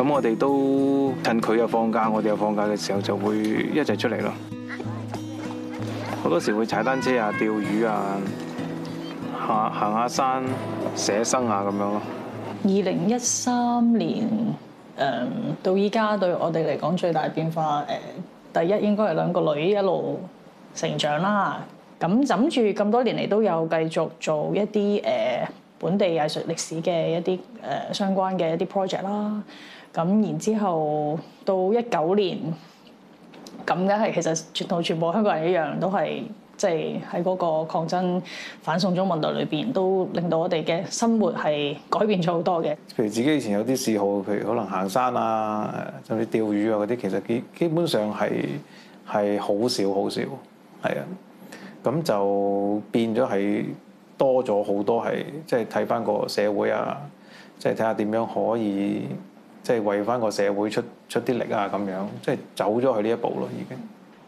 咁我哋都趁佢又放假，我哋又放假嘅時候就會一齊出嚟咯。好多時會踩單車啊、釣魚啊、行行下山、寫生啊咁樣咯。二零一三年誒到依家對我哋嚟講最大變化，誒、呃，第一應該係兩個女一路成長啦。咁枕住咁多年嚟都有繼續做一啲誒。呃本地藝術歷史嘅一啲誒相關嘅一啲 project 啦，咁然之後到一九年，咁梗係其實全部全部香港人一樣都係即係喺嗰個抗爭反送中運動裏邊，都令到我哋嘅生活係改變咗好多嘅。譬如自己以前有啲嗜好，譬如可能行山啊，甚至釣魚啊嗰啲，其實基基本上係係好少好少，係啊，咁就變咗係。多咗好多係即係睇翻個社會啊，即係睇下點樣可以，即係為翻個社會出出啲力啊，咁樣即係走咗去呢一步咯，已經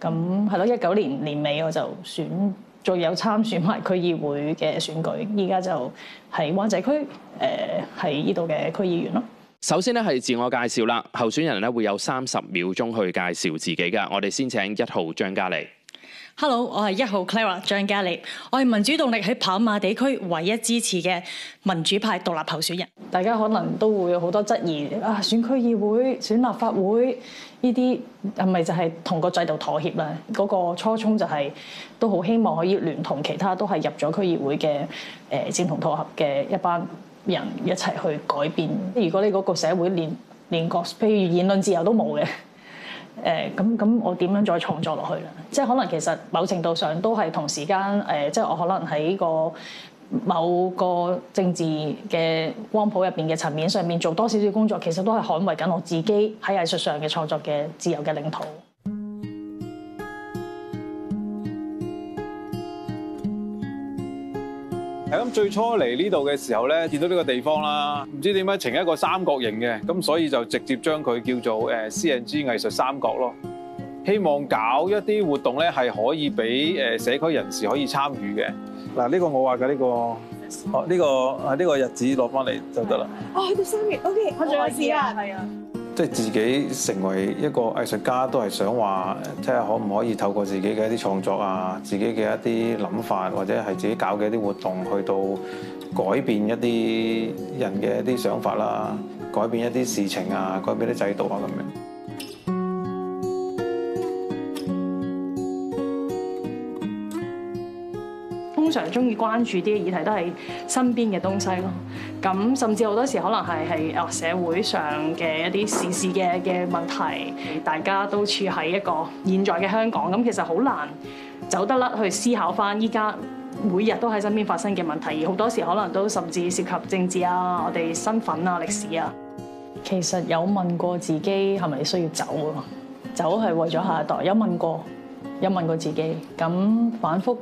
咁係咯，一九年年尾我就選最有參選埋區議會嘅選舉，依家就係灣仔區誒，係呢度嘅區議員咯。首先咧係自我介紹啦，候選人咧會有三十秒鐘去介紹自己㗎，我哋先請一號張嘉莉。Hello，我係一號 Clara 張嘉莉，我係民主動力喺跑馬地區唯一支持嘅民主派獨立候選人。大家可能都會有好多質疑啊，選區議會、選立法會呢啲係咪就係同個制度妥協啦？嗰、那個初衷就係、是、都好希望可以聯同其他都係入咗區議會嘅誒，政、呃、同妥協嘅一班人一齊去改變。如果你嗰個社會連連國，譬如言論自由都冇嘅。誒咁咁，我點樣再創作落去咧？即係可能其實某程度上都係同時間誒，即係我可能喺個某個政治嘅光譜入邊嘅層面上面做多少少工作，其實都係捍衞緊我自己喺藝術上嘅創作嘅自由嘅領土。係咁，最初嚟呢度嘅時候咧，見到呢個地方啦，唔知點解呈一個三角形嘅，咁所以就直接將佢叫做誒 CNG 藝術三角咯。希望搞一啲活動咧，係可以俾誒社區人士可以參與嘅。嗱，呢個我話嘅呢個，哦、呢個，呢個係呢個日子落翻嚟就得啦。哦，去到三月，OK，我最開始啊，係啊。即係自己成為一個藝術家，都係想話，即係可唔可以透過自己嘅一啲創作啊，自己嘅一啲諗法，或者係自己搞嘅一啲活動，去到改變一啲人嘅一啲想法啦，改變一啲事情啊，改變啲制度啊咁樣。常鍾意關注啲議題，都係身邊嘅東西咯。咁、嗯、甚至好多時可能係係誒社會上嘅一啲時事嘅嘅問題，大家都處喺一個現在嘅香港。咁其實好難走得甩去思考翻依家每日都喺身邊發生嘅問題，而好多時可能都甚至涉及政治啊、我哋身份啊、歷史啊。其實有問過自己係咪需要走啊？走係為咗下一代。有問過，有問過自己，咁反覆。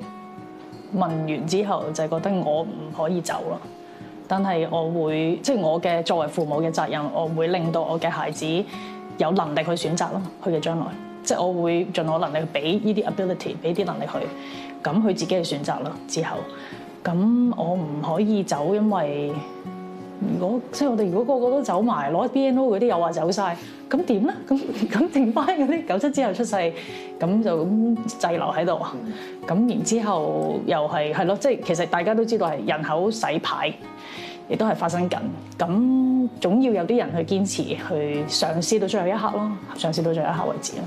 問完之後就係覺得我唔可以走咯，但係我會即係我嘅作為父母嘅責任，我會令到我嘅孩子有能力去選擇咯，佢嘅將來，即係我會盡我能力俾呢啲 ability，俾啲能力去，咁佢自己去選擇咯之後，咁我唔可以走，因為。如果，即係我哋如果個個都走埋，攞 BNO 嗰啲又話走晒，咁點咧？咁咁剩翻嗰啲九七之後出世，咁就咁滯留喺度。咁然之後又係係咯，即係其實大家都知道係人口洗牌，亦都係發生緊。咁總要有啲人去堅持去嘗試到最後一刻咯，嘗試到最後一刻為止啦。